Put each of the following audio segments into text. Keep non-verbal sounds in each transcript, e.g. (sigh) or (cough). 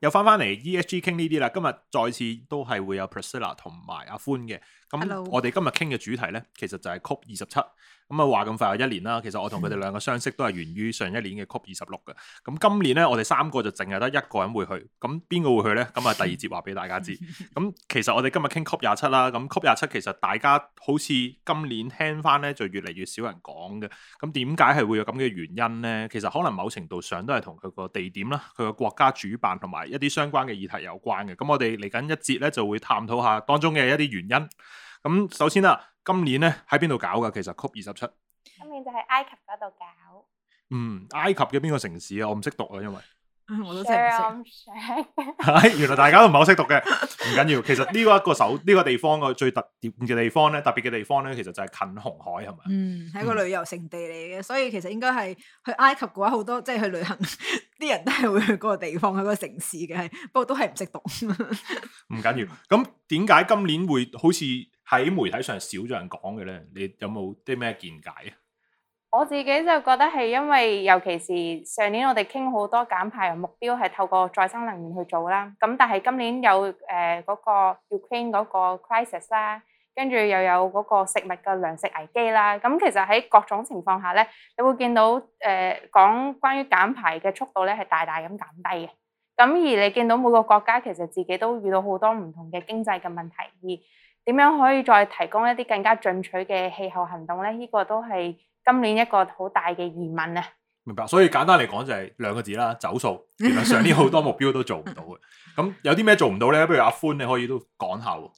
又返返嚟 E S G 傾呢啲啦，今日再次都係會有 Priscilla 同埋阿寬嘅，咁我哋今日傾嘅主題呢，其實就係 COP 二十七。咁啊，話咁快啊，一年啦。其實我同佢哋兩個相識都係源於上一年嘅 COP 二十六嘅。咁今年呢，我哋三個就淨係得一個人會去。咁邊個會去呢？咁啊，第二節話俾大家知。咁 (laughs) 其實我哋今日傾 COP 廿七啦。咁 COP 廿七其實大家好似今年聽翻呢就越嚟越少人講嘅。咁點解係會有咁嘅原因呢？其實可能某程度上都係同佢個地點啦、佢個國家主辦同埋一啲相關嘅議題有關嘅。咁我哋嚟緊一節呢，就會探討下當中嘅一啲原因。咁首先啦，今年咧喺邊度搞噶？其實曲二十七，今年就喺埃及嗰度搞。嗯，埃及嘅邊個城市啊？我唔識讀啊，因為我都識唔原來大家都唔係好識讀嘅。唔緊要，其實呢個一個手呢、呢個地方嘅最特別嘅地方咧，特別嘅地方咧，其實就係近紅海，係咪啊？嗯，係一個旅遊勝地嚟嘅，所以其實應該係去埃及嘅話，好多即係去旅行啲人都係會去嗰個地方，去、嗰個城市嘅，係不過都係唔識讀。唔緊要，咁點解今年會好似？喺媒體上少咗人講嘅咧，你有冇啲咩見解啊？我自己就覺得係因為，尤其是上年我哋傾好多減排嘅目標係透過再生能源去做啦。咁但係今年有誒嗰個 Ukraine 嗰個 crisis 啦，跟住又有嗰個食物嘅糧食危機啦。咁其實喺各種情況下咧，你會見到誒講關於減排嘅速度咧係大大咁減低嘅。咁而你見到每個國家其實自己都遇到好多唔同嘅經濟嘅問題而。點樣可以再提供一啲更加進取嘅氣候行動呢？呢個都係今年一個好大嘅疑問啊！明白，所以簡單嚟講就係兩個字啦，走數。其實上年好多目標都做唔到嘅，咁有啲咩做唔到呢？不如阿寬你可以都講下喎。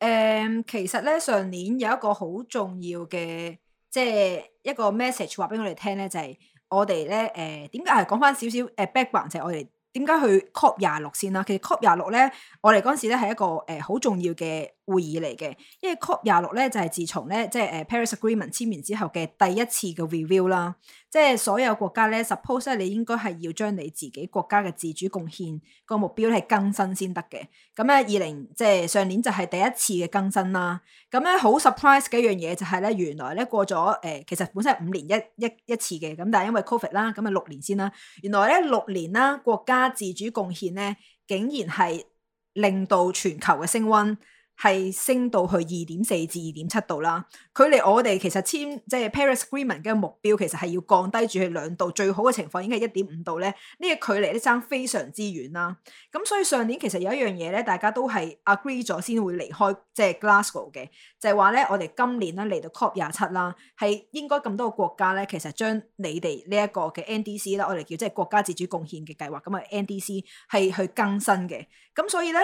誒，其實呢上年有一個好重要嘅，即係一個 message 話俾我哋聽呢，就係我哋呢誒點解？講返少少誒 background 就我哋。點解去 COP 廿六先啦？其實 COP 廿六咧，我哋嗰時咧係一個誒好、呃、重要嘅會議嚟嘅，因為 COP 廿六咧就係、是、自從咧即係誒 Paris Agreement 簽完之後嘅第一次嘅 review 啦。即係所有國家咧，suppose 咧，你應該係要將你自己國家嘅自主貢獻個目標係更新先得嘅。咁咧，二零，即係上年就係第一次嘅更新啦。咁咧，好 surprise 嘅一樣嘢就係咧，原來咧過咗誒、呃，其實本身係五年一一一,一次嘅，咁但係因為 COVID 啦，咁咪六年先啦。原來咧六年啦，國家自主貢獻咧，竟然係令到全球嘅升溫。係升到去二點四至二點七度啦，距離我哋其實簽即係、就是、Paris Agreement 嘅目標，其實係要降低住去兩度，最好嘅情況應該係一點五度咧，呢、這個距離咧爭非常之遠啦。咁所以上年其實有一樣嘢咧，大家都係 agree 咗先會離開即係 Glasgow 嘅，就係話咧我哋今年咧嚟到 COP 廿七啦，係應該咁多個國家咧，其實將你哋呢一個嘅 NDC 啦，我哋叫即係國家自主貢獻嘅計劃，咁啊 NDC 係去更新嘅，咁所以咧。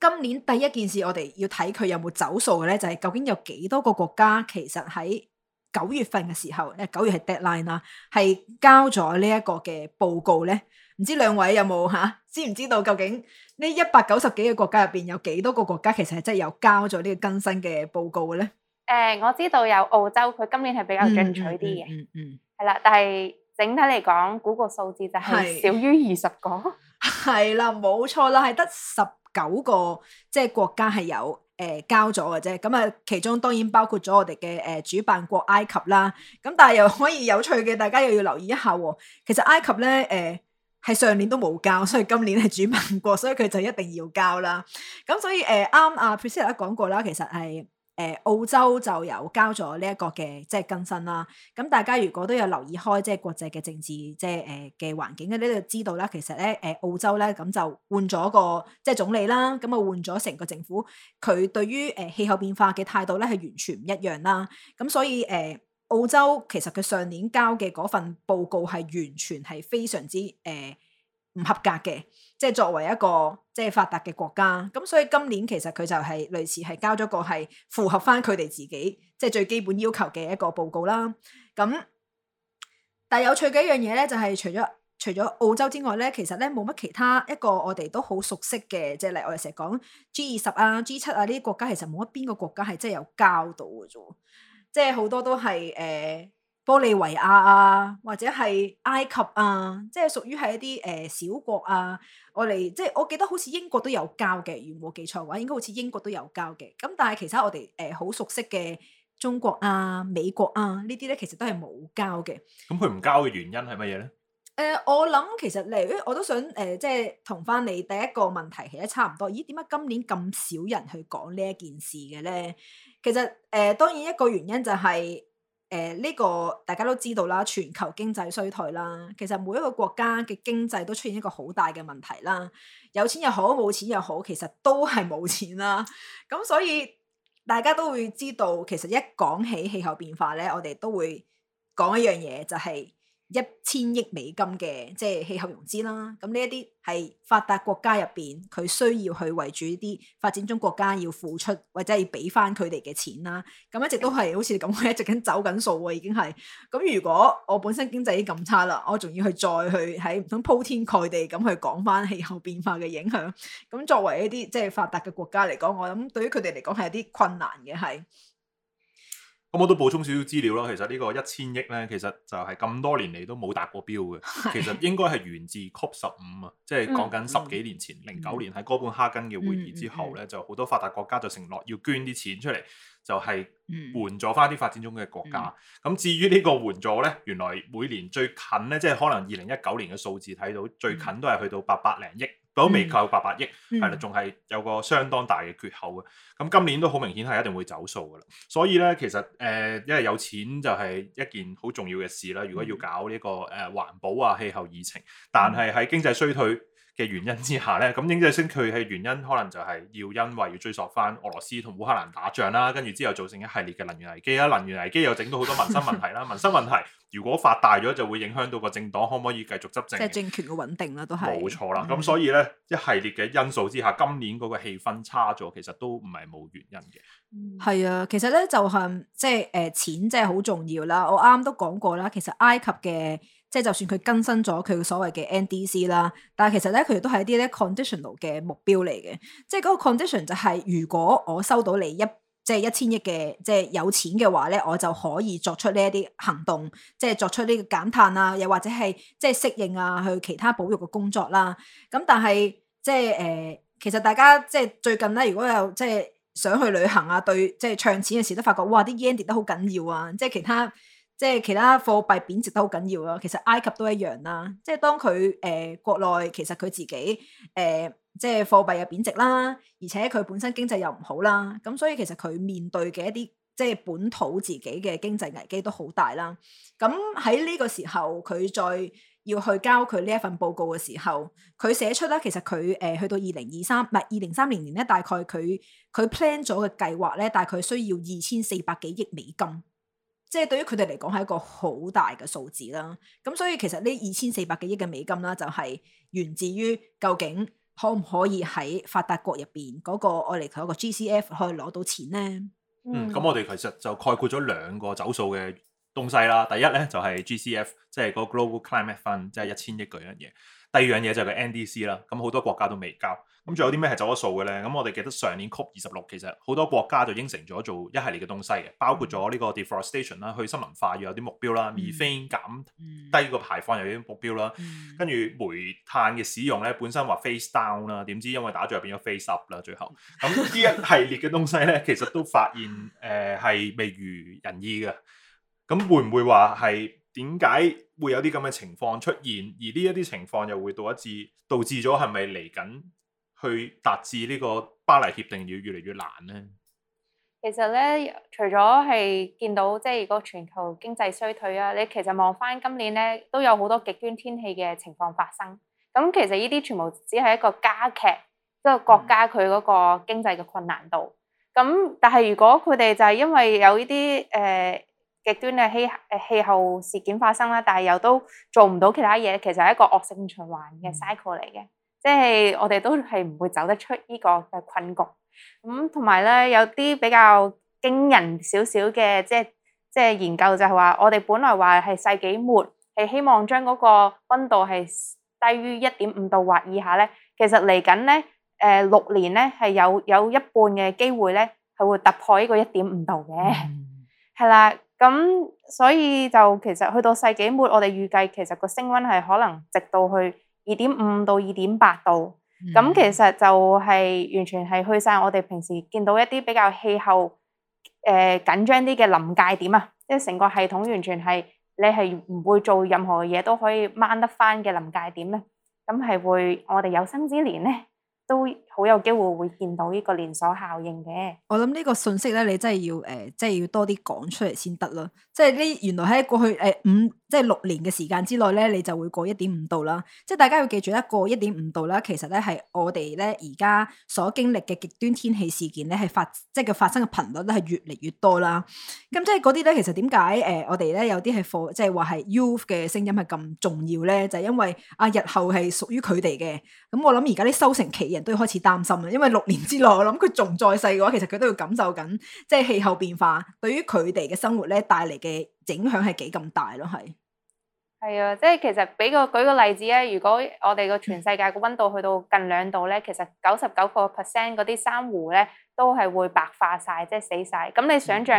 今年第一件事我哋要睇佢有冇走數嘅咧，就係究竟有幾多個國家其實喺九月份嘅時候，誒，九月係 deadline 啦，係交咗呢一個嘅報告咧。唔知兩位有冇吓，知唔知道究竟呢一百九十幾個國家入邊有幾多個國家其實係真係有交咗呢個更新嘅報告嘅咧？誒，我知道有澳洲，佢今年係比較進取啲嘅，嗯嗯，係啦，但係整體嚟講，估個數字就係少於二十個，係啦，冇錯啦，係得十。九個即係國家係有誒、呃、交咗嘅啫，咁啊其中當然包括咗我哋嘅誒主辦國埃及啦，咁但係又可以有趣嘅，大家又要留意一下，哦。其實埃及咧，誒係上年都冇交，所以今年係主辦國，所以佢就一定要交啦。咁、嗯、所以誒啱阿 Priscilla 講過啦，其實係。誒澳洲就有交咗呢一個嘅即係更新啦，咁大家如果都有留意開即係國際嘅政治即係誒嘅環境嘅，你就知道啦，其實咧誒澳洲咧咁就換咗個即係總理啦，咁啊換咗成個政府，佢對於誒氣候變化嘅態度咧係完全唔一樣啦，咁、嗯、所以誒、呃、澳洲其實佢上年交嘅嗰份報告係完全係非常之誒唔合格嘅。即係作為一個即係發達嘅國家，咁所以今年其實佢就係類似係交咗個係符合翻佢哋自己即係、就是、最基本要求嘅一個報告啦。咁但係有趣嘅一樣嘢咧，就係、是、除咗除咗澳洲之外咧，其實咧冇乜其他一個我哋都好熟悉嘅，即、就、係、是、例如我哋成日講 G 二十啊、G 七啊呢啲國家，其實冇一邊個國家係真係有交到嘅啫，即係好多都係誒。呃玻利維亞啊，或者係埃及啊，即係屬於係一啲誒、呃、小國啊。我哋即係我記得好似英國都有交嘅，如果冇記錯嘅話，應該好似英國都有交嘅。咁、嗯、但係其實我哋誒好熟悉嘅中國啊、美國啊呢啲咧，其實都係冇交嘅。咁佢唔交嘅原因係乜嘢咧？誒、呃，我諗其實嚟我都想誒、呃，即係同翻你第一個問題其實差唔多。咦？點解今年咁少人去講呢一件事嘅咧？其實誒、呃，當然一個原因就係、是。誒，呢、呃，這個大家都知道啦，全球經濟衰退啦，其實每一個國家嘅經濟都出現一個好大嘅問題啦。有錢又好，冇錢又好，其實都係冇錢啦。咁所以大家都會知道，其實一講起氣候變化咧，我哋都會講一樣嘢，就是，就係。一千億美金嘅即係氣候融資啦，咁呢一啲係發達國家入邊佢需要去為住啲發展中國家要付出，或者係俾翻佢哋嘅錢啦。咁一直都係好似咁，一直咁走緊數喎，已經係咁、啊。如果我本身經濟已經咁差啦，我仲要去再去喺唔通鋪天蓋地咁去講翻氣候變化嘅影響？咁作為一啲即係發達嘅國家嚟講，我諗對於佢哋嚟講係有啲困難嘅係。咁我都補充少少資料啦，其實呢個一千億呢，其實就係咁多年嚟都冇達過標嘅， (laughs) 其實應該係源自 COP 十五啊，即係講緊十幾年前零九年喺哥本哈根嘅會議之後呢，嗯、就好多發達國家就承諾要捐啲錢出嚟，就係、是、援助翻啲發展中嘅國家。咁、嗯、至於呢個援助呢，原來每年最近呢，即係可能二零一九年嘅數字睇到最近都係去到八百零億。都未夠八百億，係啦、嗯，仲係有個相當大嘅缺口嘅。咁今年都好明顯係一定會走數㗎啦。所以咧，其實誒、呃，因為有錢就係一件好重要嘅事啦。如果要搞呢、這個誒環、呃、保啊、氣候議程，但係喺經濟衰退嘅原因之下呢，咁英制星佢嘅原因可能就係要因為要追溯翻俄羅斯同烏克蘭打仗啦，跟住之後造成一系列嘅能源危機啦，能源危機又整到好多民生問題啦， (laughs) 民生問題如果發大咗，就會影響到個政黨可唔可以繼續執政，即係政權嘅穩定啦，都係冇錯啦。咁、嗯、所以呢，一系列嘅因素之下，今年嗰個氣氛差咗，其實都唔係冇原因嘅。係、嗯、啊，其實呢，就係即係誒、呃、錢即係好重要啦。我啱啱都講過啦，其實埃及嘅。即係就算佢更新咗佢所謂嘅 NDC 啦，但係其實咧佢都係一啲咧 conditional 嘅目標嚟嘅。即係嗰個 condition 就係、是、如果我收到你一即係一千億嘅即係有錢嘅話咧，我就可以作出呢一啲行動，即係作出呢個減碳啊，又或者係即係適應啊，去其他保育嘅工作啦。咁但係即係誒、呃，其實大家即係最近咧，如果有即係想去旅行啊，對即係唱錢嘅時都發覺哇，啲 yen 都好緊要啊，即係其他，即係其他貨幣貶值都好緊要咯，其實埃及都一樣啦。即係當佢誒、呃、國內其實佢自己誒、呃、即係貨幣又貶值啦，而且佢本身經濟又唔好啦，咁所以其實佢面對嘅一啲即係本土自己嘅經濟危機都好大啦。咁喺呢個時候佢再要去交佢呢一份報告嘅時候，佢寫出啦，其實佢誒、呃、去到二零二三唔係二零三零年咧，大概佢佢 plan 咗嘅計劃咧，大概需要二千四百幾億美金。即係對於佢哋嚟講係一個好大嘅數字啦，咁所以其實呢二千四百幾億嘅美金啦，就係源自於究竟可唔可以喺發達國入邊嗰個我哋嗰個 GCF 可以攞到錢咧？嗯，咁我哋其實就概括咗兩個走數嘅。F, Fund, 1，東西啦，第一咧就係 GCF，即係嗰個 Global Climate Fund，即係一千億嗰樣嘢。第二樣嘢就係個 NDC 啦，咁好多國家都未交。咁仲有啲咩係走咗數嘅咧？咁我哋記得上年 COP 二十六，其實好多國家就應承咗做一系列嘅東西嘅，包括咗呢個 Deforestation 啦，去森林化要有啲目標啦，而 Mitig 減低個排放又有啲目標啦。跟住、嗯、煤炭嘅使用咧，本身話 Phase Down 啦，點知因為打仗變咗 Phase Up 啦，最後咁呢一系列嘅東西咧，其實都發現誒係、呃、未如人意嘅。咁會唔會話係點解會有啲咁嘅情況出現？而呢一啲情況又會導一致導致咗係咪嚟緊去達至呢個巴黎協定要越嚟越難呢？其實咧，除咗係見到即係如果全球經濟衰退啊，你其實望翻今年咧都有好多極端天氣嘅情況發生。咁其實呢啲全部只係一個加劇即係、就是、國家佢嗰個經濟嘅困難度。咁、嗯、但係如果佢哋就係因為有呢啲誒。呃極端嘅氣氣候事件發生啦，但係又都做唔到其他嘢，其實係一個惡性循環嘅 cycle 嚟嘅，即係我哋都係唔會走得出呢個嘅困局。咁同埋咧，有啲比較驚人少少嘅，即係即係研究就係話，我哋本來話係世紀末係希望將嗰個溫度係低於一點五度或以下咧，其實嚟緊咧，誒六年咧係有有一半嘅機會咧係會突破呢個一點五度嘅，係啦。咁所以就其實去到世紀末，我哋預計其實個升溫係可能直到去二點五到二點八度。咁、嗯、其實就係完全係去曬我哋平時見到一啲比較氣候誒、呃、緊張啲嘅臨界點啊，即係成個系統完全係你係唔會做任何嘢都可以掹得返嘅臨界點咧、啊。咁係會我哋有生之年咧都，好有機會會見到呢個連鎖效應嘅。我諗呢個信息咧，你真係要誒、呃，即係要多啲講出嚟先得咯。即係呢，原來喺過去誒五，呃、5，即係六年嘅時間之內咧，你就會過一點五度啦。即係大家要記住咧，過一點五度啦，其實咧係我哋咧而家所經歷嘅極端天氣事件咧，係發即係嘅發生嘅頻率咧係越嚟越多啦。咁即係嗰啲咧，其實點解誒我哋咧有啲係貨，即係話係 youth 嘅聲音係咁重要咧？就係、因為阿、啊、日後係屬於佢哋嘅。咁我諗而家啲收成期人都要開始。擔心啊，因為六年之內，我諗佢仲在世嘅話，其實佢都要感受緊，即係氣候變化對於佢哋嘅生活咧帶嚟嘅影響係幾咁大咯，係係啊，即係其實俾個舉個例子咧，如果我哋個全世界嘅溫度去到近兩度咧，其實九十九個 percent 嗰啲珊瑚咧都係會白化晒，即係死晒。咁你想象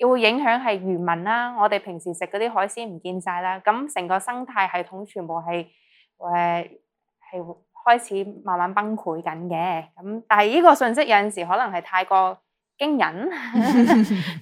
會影響係漁民啦，我哋平時食嗰啲海鮮唔見晒啦，咁成個生態系統全部係誒係開始慢慢崩潰緊嘅，咁但係呢個信息有陣時可能係太過驚人，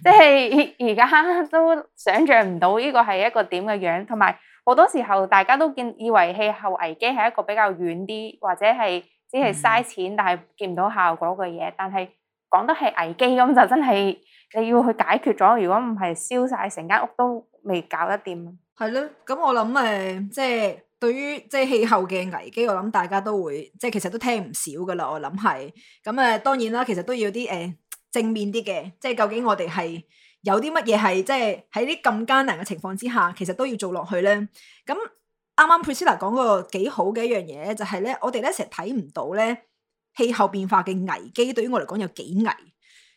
即係而家都想像唔到呢個係一個點嘅樣、樣，同埋好多時候大家都見以為氣候危機係一個比較遠啲，或者係只係嘥錢，嗯、但係見唔到效果嘅嘢。但係講得係危機咁就真係你要去解決咗。如果唔係燒晒成間屋都未搞得掂，係咯。咁我諗誒、就是，即係。對於即係氣候嘅危機，我諗大家都會即係其實都聽唔少噶啦，我諗係咁啊。當然啦，其實都要啲誒正面啲嘅，即係究竟我哋係有啲乜嘢係即係喺啲咁艱難嘅情況之下，其實都要做落去咧。咁啱啱 Priscilla 講個幾好嘅一樣嘢，就係咧，我哋咧成日睇唔到咧氣候變化嘅危機，對於我嚟講有幾危，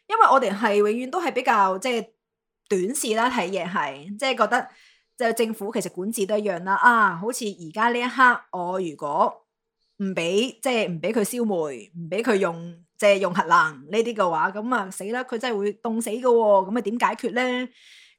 因為我哋係永遠都係比較即係短視啦睇嘢係，即係覺得。就政府其實管治都一樣啦，啊，好似而家呢一刻，我如果唔俾，即係唔俾佢燒煤，唔俾佢用即係、就是、用核能呢啲嘅話，咁啊死啦，佢真係會凍死嘅喎，哦，咁啊點解決咧？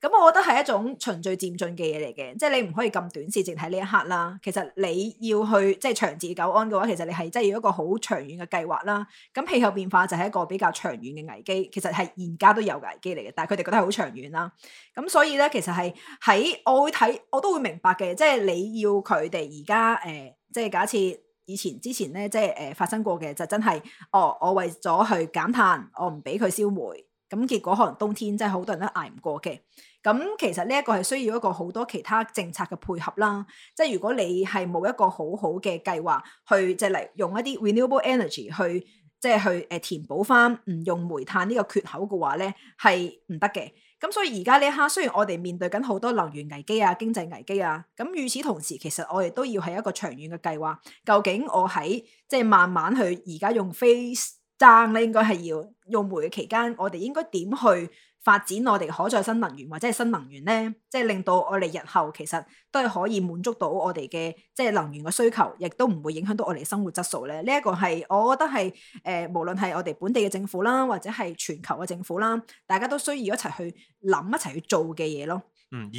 咁、嗯、我覺得係一種循序漸進嘅嘢嚟嘅，即係你唔可以咁短視，淨睇呢一刻啦。其實你要去即係長治久安嘅話，其實你係真係要一個好長遠嘅計劃啦。咁、嗯、氣候變化就係一個比較長遠嘅危機，其實係而家都有危機嚟嘅，但係佢哋覺得係好長遠啦。咁、嗯、所以咧，其實係喺我會睇，我都會明白嘅，即係你要佢哋而家誒，即係假設以前之前咧，即係誒、呃、發生過嘅就真係，哦，我為咗去減碳，我唔俾佢燒煤。咁結果可能冬天真係好多人都挨唔過嘅，咁其實呢一個係需要一個好多其他政策嘅配合啦。即係如果你係冇一個好好嘅計劃去即係嚟用一啲 renewable energy 去即係去誒填補翻唔用煤炭呢個缺口嘅話咧係唔得嘅。咁所以而家呢一刻雖然我哋面對緊好多能源危機啊、經濟危機啊，咁與此同時其實我哋都要係一個長遠嘅計劃。究竟我喺即係慢慢去而家用 face。爭咧，應該係要用煤嘅期間，我哋應該點去發展我哋可再生能源或者係新能源呢？即係令到我哋日後其實都係可以滿足到我哋嘅即係能源嘅需求，亦都唔會影響到我哋生活質素咧。呢一個係我覺得係誒，無論係我哋本地嘅政府啦，或者係全球嘅政府啦，大家都需要一齊去諗一齊去做嘅嘢咯。嗯，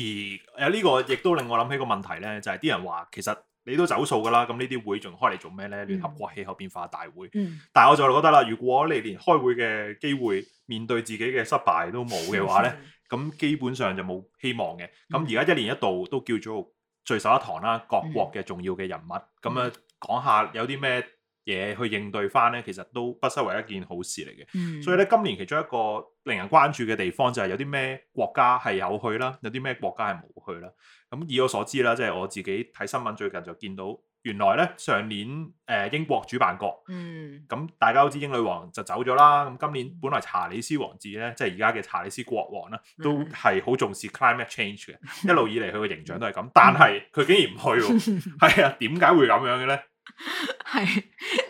而有呢個，亦都令我諗起個問題咧，就係啲人話其實。你都走數噶啦，咁呢啲會仲開嚟做咩呢？聯合國氣候變化大會，嗯、但我就覺得啦，如果你連開會嘅機會面對自己嘅失敗都冇嘅話呢，咁是基本上就冇希望嘅。咁而家一年一度都叫做聚首一堂啦，各國嘅重要嘅人物，咁呀，講下有啲咩？嘢去應對翻呢，其實都不失為一件好事嚟嘅。嗯、所以咧，今年其中一個令人關注嘅地方就係有啲咩國家係有去啦，有啲咩國家係冇去啦。咁以我所知啦，即、就、係、係、我自己睇新聞最近就見到，原來呢上年誒、呃、英國主辦國，咁、嗯、大家都知英女王就走咗啦。咁今年本來查理斯王子呢，即係而家嘅查理斯國王呢，都係好重視 climate change 嘅，一路以嚟佢嘅形象都係咁。 (laughs) 但係佢竟然唔去，係 (laughs) 啊？點解會咁樣嘅呢？係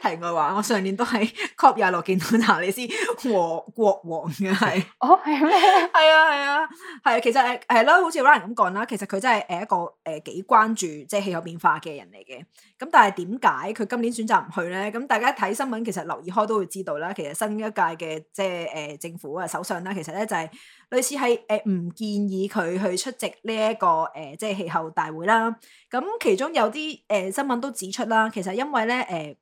題外話，我上年都喺 Cop 廿六，見到查理斯和國王嘅係哦，係咩？係 (laughs) 啊，係啊，係、啊。其實誒係咯，好似 Ryan 咁講啦。其實佢真係誒一個誒、呃、幾關注即係氣候變化嘅人嚟嘅。咁但係點解佢今年選擇唔去咧？咁大家睇新聞，其實留意開都會知道啦。其實新一屆嘅即係誒、呃、政府啊，首相啦，其實咧就係類似係誒唔建議佢去出席呢、這、一個誒、呃、即係氣候大會啦。咁其中有啲誒、呃、新聞都指出啦，其就因為咧，誒，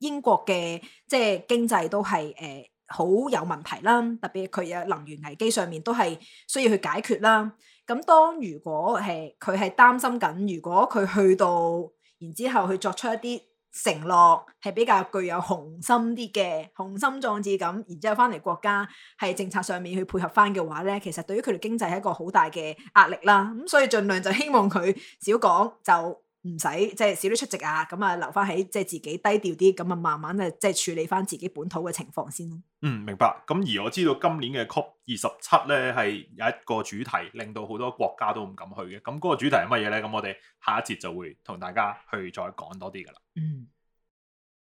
英國嘅即係經濟都係誒好有問題啦，特別佢嘅能源危機上面都係需要去解決啦。咁當如果係佢係擔心緊，如果佢去到然之後去作出一啲承諾，係比較具有雄心啲嘅雄心壯志咁，然之後翻嚟國家係政策上面去配合翻嘅話咧，其實對於佢哋經濟係一個好大嘅壓力啦。咁所以盡量就希望佢少講就。唔使，即係少啲出席啊，咁啊留翻喺即係自己低調啲，咁啊慢慢啊即係處理翻自己本土嘅情況先咯。嗯，明白。咁而我知道今年嘅 COP 二十七，咧係有一個主題，令到好多國家都唔敢去嘅。咁嗰個主題係乜嘢咧？咁我哋下一節就會同大家去再講多啲噶啦。嗯。